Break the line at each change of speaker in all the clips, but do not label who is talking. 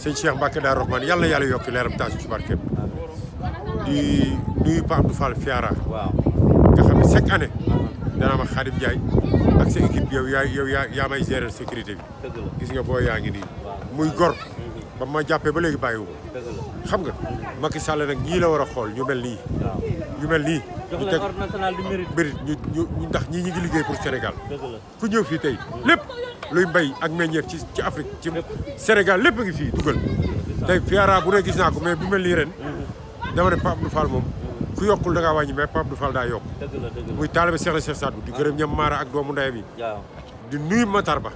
sëñ Cheikh Mbacke Daaru Rahman yàlla yàlla yokk leeram taas ci barkeem di nuyu Pape Abdou Fall Fiara nga xam ne chaque année dana ma Xaadim Njaay ak sa équipe yow yaa yow yaa yaa may gérer sécurité bi gis nga boo yaa ngi nii muy gor mm-hmm. ba ma jàppee ba léegi bàyyiwu xam nga Macky Sall nag ñii la war a xool ñu mel nii ñu mel nii jox leen ordre national du mérite mérite ñu ñu ndax ñii ñu ngi liggéey pour Sénégal. ku ñëw fii tey lépp luy mbay ak meññeef ci ci Afrique ci Sénégal lépp a ngi fii dugal. tey fiara bu ne gis naa ko mais bu mel nii ren. dama ne Pape Abdou Fall moom. ku yokkul da ngaa wàññi mais Pape Abdou Fall daa yokk. dëgg la dëgg la muy taalibe Cheikh la Cheikh Sadou di ah. gërëm ñam maara ak doomu ndeyam yi. di nuyu Matar Ba.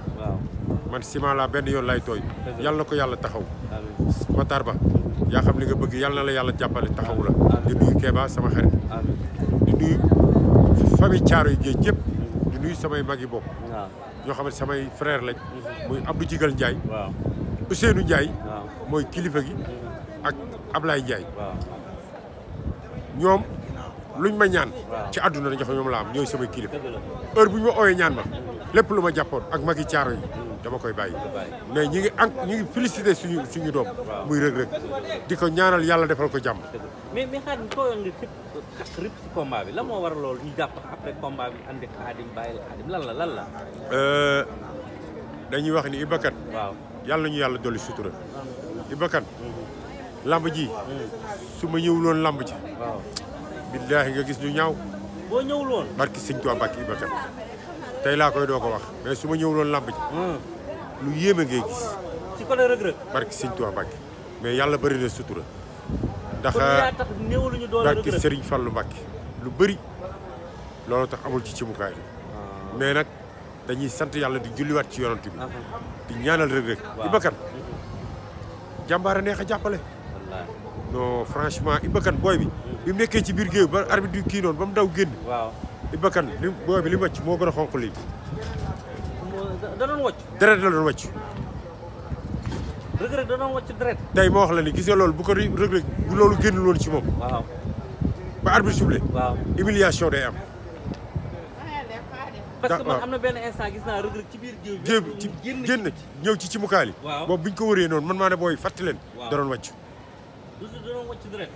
man ciment laa benn yoon lay tooy. yàlla na ko yàlla taxaw. Matar Ba yaa xam li nga bëgg yàlla na la yàlla jàppale taxaw la. nuyu famille caaro yu géej yëpp di nuyu samay mag yi ñoo xam samay frère lañ mhm. muy Abdou Jigal Ndiaye Ousseynou Ndiaye mooy kilifa gi mhm. ak Ablaye Ndiaye ñoom luñ ma ñaan ci àdduna dañ jox ñoom la am ñooy samay kilifa heure bu ñu ma ooyee ñaan ma lépp lu ma jàppoon ak magi caaro yi mhm. dama koy bayyi mais ñi ngi ñi ngi félicité suñu suñu doom muy rek rek diko ñaanal yalla defal ko jamm mais mais Khadim ko yoon nga sëpp ci combat bi la mo war lool ñu japp après combat bi andi Khadim bàyyi Khadim lan la lan la euh dañuy wax ni ibakat waaw yalla ñu yalla doli sutura ibakat mm-hmm. lamb ji mm-hmm. suma ma ñëwul lamb ji waaw billahi nga gis ñu ñaaw bo ñëwul woon barki sëñ touba barki ibakat tay la koy doo ko wax mais suma ma ñëwul lamb ji mm. lu yéeme ngay gis. ci côté rëg-rëg. barki mais yàlla bëri na sutura. ndax barki Sëriñ Fallu Mbàkke lu bëri loolu tax amul ci ci ah. mais nag dañuy sant yàlla di julliwaat ci yonent bi. Ah. di ñaanal rëg-rëg. waaw Iba Kane mm-hmm. jàmbaara neex a jàppale. non franchement Iba Kane booy bi. bi mu nekkee ci biir géew ba arbitre du kii noonu ba mu daw génn. waaw Iba li booy bi li màcc moo gën a xonq léegi. da doon wàcc. ma wax la ni gis loolu bu ko Reug Reug bu loolu ci moom. waaw. ba arbitre soufflé. waaw humiliation am. parce gis naa ci biir géew génn ñëw ci ci mukaali. waaw moom bu ñu ko wëree noonu man maa ne booy fàttali leen. waaw da doon wàcc.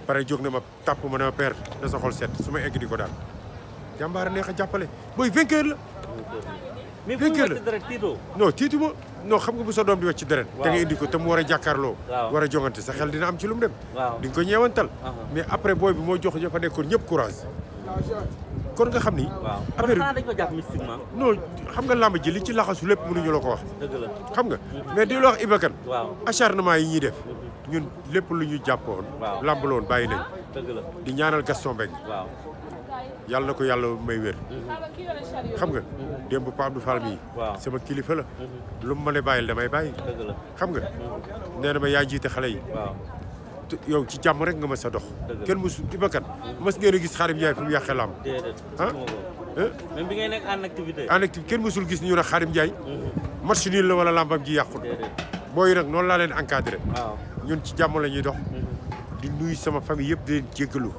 pare jóg na ma tàpp ma ne ma père da sa set su ma egg di ko daal. jàmbaar neex a jàppale booy vainqueur la. même fu ñu wàcc xam nga bu sa doom di wàcc deret da nga indi ko te mu war a jàkkaarloo war a jongante sa xel dina am ci lu mu dem di nga ko ñeewantal mais après booy bi moo jox ña fa nekkoon ñëpp courage kon nga xam ni affaire dañ ko jàpp mystiquement non xam nga làmb ji li ci laxasu lépp ñu la ko wax dëgg la xam nga mais di la wax ibakan acharnement yi ñuy def ñun lépp lu ñu jàppoon làmb loon bàyyi nañ di ñaanal Gaston Mbengue yàlla na ko yàlla may wér. xam nga démb Pape Abdou Fall sama kilifa la. Mm-hmm. lu mu mën a bàyyil damay bàyyi. xam nga mm-hmm. nee ma yaa jiite xale yi. yow ci jàmm rek nga ma sa dox. kenn musu di bakkan mas ngeen a gis Xaadim Njaay fi mu yàqee laam. ah. Eh? gis ñu ne Xaadim Njaay. Mm-hmm. match la wala làmbam ji yàqul. booy nag noonu laa leen encadré. ñun ci jàmm la ñuy dox. di nuyu sama famille yëpp di leen jéggalu.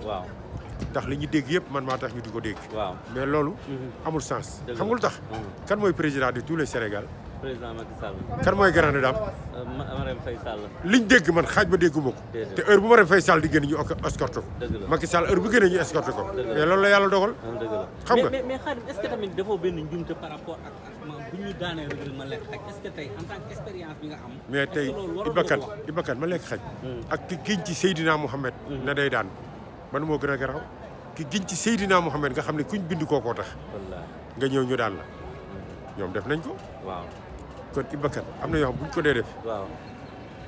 ndax li ñu dégg yëpp man maa tax ñu di ko dégg. waaw mais loolu. Mhm. amul sens. xam nga lu tax. Mhm. kan mooy président de tous les Sénégal. président Macky Sall. kan mooy grande dame. Euh, Marème Faye Sall. liñ dégg man xaaj ba dégguma ko. te heure bu Marème Faye Sall di gën ñu escorté ko. dëgg la Macky Sall heure bu gën ñu escorté ko. mais loolu la yàlla dogal. Ah, xam nga mais mais Khadim tey en tant qu'expérience bi mais tey Ibakan Ibakan ma lekk xaj. Hmm. ak ki kiñ ci Seydina Mohamed. Hmm. na day daan. man mo gëna garaw ki giñ ci sayidina muhammad nga xamni kuñ bind koko tax nga ñew ñu daan la ñom def nañ ko waaw kon Ibakan amna na yoo buñ ko dé def waaw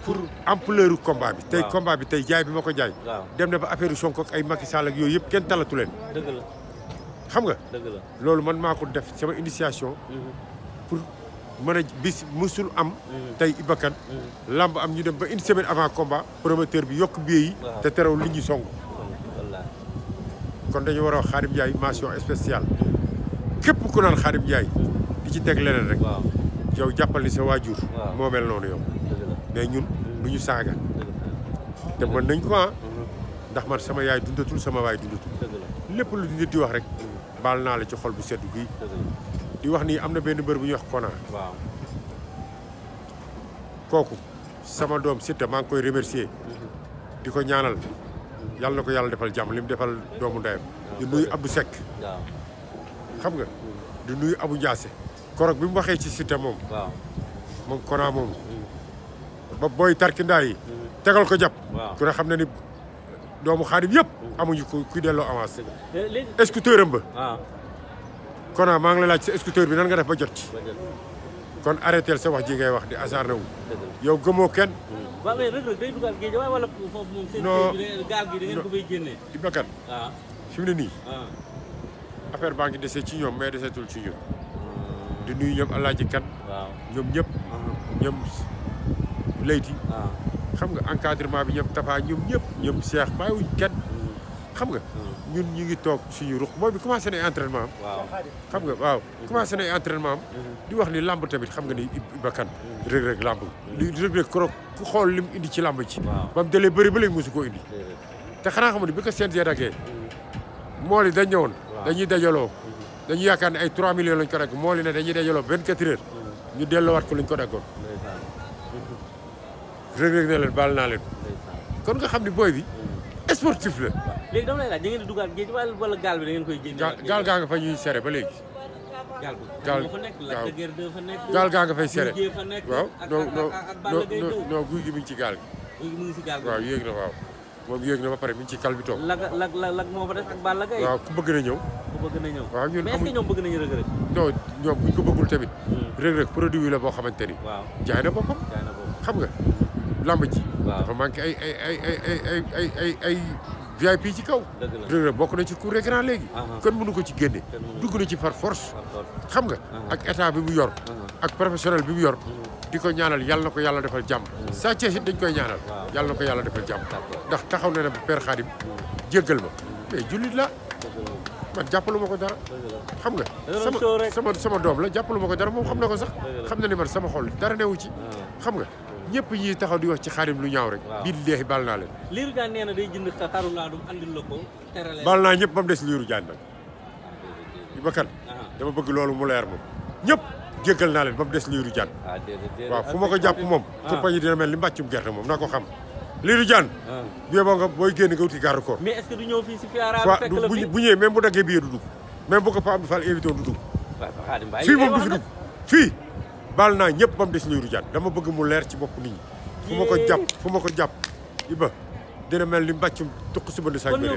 pour ampleur combat bi tay combat bi tay jaay bi mako jaay dem na ba affaire Sonko ak ay Macky Sall ak yooyu yëpp kenn talatu len deug la xam nga deug la loolu man mako def sama initiation mhm. pour mana bis musul am mhm. tay Ibakan mhm. lamb am ñu dem ba une semaine avant combat promoteur bi yok biye yi te terewul li ñuy song kon dañu waro a jaay mention spéciale kep ku nan xaarim jaay di ci tek leneen rek. yow jàppal ni sa wajur mo mel non yow. mais ñun du saga te man nañ ko ah. Mhm. ndax man sama yaay dundatul sama way dundatul. lepp lu nit di wax rek. bal na la ci xol bu seddu gi di wax ni amna benn beur bu ñu wax Kona. koku sama dom sita maa ngi koy remercier. Mhm. di ñaanal. yàlla na ko yàlla defal jàmm li defal doomu ndeyam di nuyu Abdou Seck xam nga di nuyu abu Ndiassé korog bi mu waxee ci Siteu moom moom konaa moom ba booy tarkindaar yi tegal ko jàpp ku ne xam ne ni doomu xaadim yëpp mm. amuñu ku kuy delloo avance escouteur am ba ah. konaa maa ngi la laaj sa bi nan nga def ba jot ci kon arrêtel sa wax ji ngay wax di asarna wu yow gëmoo kenn hmm. waaw mais di bakkan waaw ne nii ah. affaire baa ngi desee ci ñoom mais desetul ci ñoom hmm. di nuyu ñoom alaaji kan ñoom ñëpp hmm. ñoom layti ah. xam nga encadrement bi ñoom tafaa ñoom ñëpp ñoom seex bàyyiwuñ kenn xam nga ñun ñu ngi toog suñu ruq mooy bi commencé nay entraînement am xam nga waaw mhm. commencé na entraînement am mhm. di wax ni làmb tamit xam nga ni bakkan rëg-rëg mhm. làmb li rëg-rëg korog ku xool li mu indi ci làmb ci ba mu dalee bëri ba léegi mosu koo indi te xanaa xam ne bi ko CNG daggee mool yi dañ dajaloo dañu yaakaar ne ay 3 millions lañ ko dagg mool yi ne dañuy dajaloo 24 heures ñu delloowaat ko lañ ko daggoon rëg-rëg ne leen baal naa leen kon nga xam ni booy bi sportif la. léegi dama lay laaj da ngeen di dugaat géej wala gaal bi da ngeen koy génn. gaal gaa nga fa ñuy sere ba léegi. gaal gaal gaal gaa nga fay sere. waaw non non non non guy gi mi ngi ci gaal gi. guy gi mi ngi ci gaal gi waaw yéeg na waaw. moom yéeg na ba pare mi ngi ci kal bi toog. lag lag lag moo fa def ak Balla Gaye. waaw ku bëgg na ñëw. ku bëgg na ñëw waaw ñun. mais est-ce que ñoom bëgg nañu Reug Reug. non ñoom buñ ko bëggul tamit. Hmm. Reug Reug produit la boo xamante ni. waaw jaay na boppam. jaay na boppam xam nga. làmb ji. dafa manqué ay ay ay ay ay ay ay ay VIP ci kaw. dëgg bokk na ci cour des grands léegi. Uh-huh. kenn mënu ko ci génne. dugg na ci par force. xam nga uh-huh. ak état bi mu yor. Uh-huh. ak professionnel bi mu yor. di ko ñaanal yàlla na ko yàlla defal jàmm. saa Cees dañ koy ñaanal. yàlla na ko yàlla defal jàmm. ndax taxaw na ne bu per Khadim jéggal ma mais jullit la man jàppalu ko dara. xam nga sama sama doom la jàppalu ma ko dara moom xam na ko sax. xam na ni man sama xol dara newu ci xam nga. ñëpp ñi taxaw di wax ci xarim lu ñaaw rek. waaw billaahi bal naa leen. liiru jaan nee na day la ko. terale bal naa ñëpp ba mu des liiru jaan nag. ba dama bëgg loolu mu leer moom ñëpp jéggal naa leen ba des liiru jaan. Ah, waaw fu ma ko jàpp moom. Ah. compagnie dina mel ni mbàccum gerte moom naa ko xam. liiru jaan. Ah. bii boo nga booy génn nga wuti gàrru koor. mais est du ñëw bu ñëwee même bu daggee bii du dugg. même bu ko Pape Abdou Fall invité du fii moom du fi fii baal naa ñëpp ba mu des Lirou Diane dama bëgg mu leer ci bopp nit ñi fu ma ko jàpp fu ma ko jàpp Iba dina mel ni mbàccum tuq si bënd saa ñu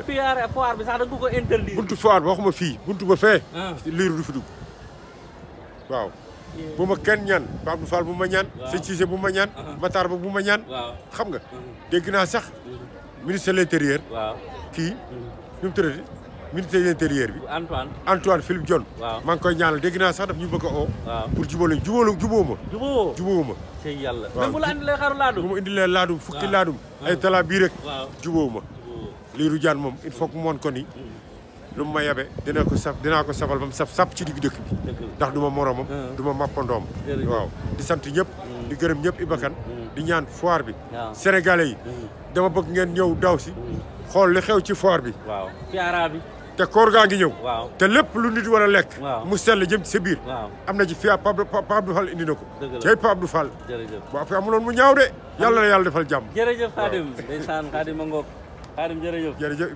buntu foire bi waxuma fii buntu ba fee. Ah. Lirou du fi dugg waaw. bu ma kenn ñaan Pape Fall bu ma ñaan. waaw bu ma ñaan. Ah. Matar ba bu ma ñaan. xam nga ah. dégg naa sax mm-hmm. ministre de l'intérieur. waaw kii ñu mu tëddee. ministre de l'intérieur bi Antoine Antoine Philippe john waaw mang koy ñaanal degg na sax daf ñu bëgg a oo waaw pour jubóolu jubóolu jubóo ma jubóo jubóo ma tey yàlla même bu la andilé xaru laadu bu mu indilé laadu fukki laadu ay tala bi rek jubóo ma liiru jaan mom il faut que moon ko ni lu ma yabé dina ko saf dina ko safal bam mu saf sap ci digg dekk bi ndax duma ma duma du ma ah. waaw di sant ñep mm. di gërëm ñep ibakan mm. di ñaan foire bi sénégalais yi mm. dama bëgg ngeen ñew daw ci xol li xew ci foor bi. waaw fiara bi. te koor gaa ngi ñëw. waaw te lépp lu nit war a lekk. mu sell jëm ci sa biir. am na ci fia Pape Abdou Fall indi na ko. dëgg la tey Pape jërëjëf waaw fi amuloon mu ñaaw de. yàlla na yàlla defal jàmm. jërëjëf Khadim ndeysaan Khadim ma ngoog Khadim jërëjëf. jërëjëf.